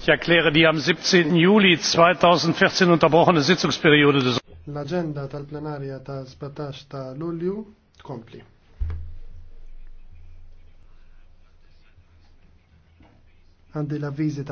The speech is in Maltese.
Ich erkläre die am 17. Juli 2014 unterbrochene Sitzungsperiode des L'agenda tal plenaria ta' 17 ta' Lulju compli. Għandi la vizita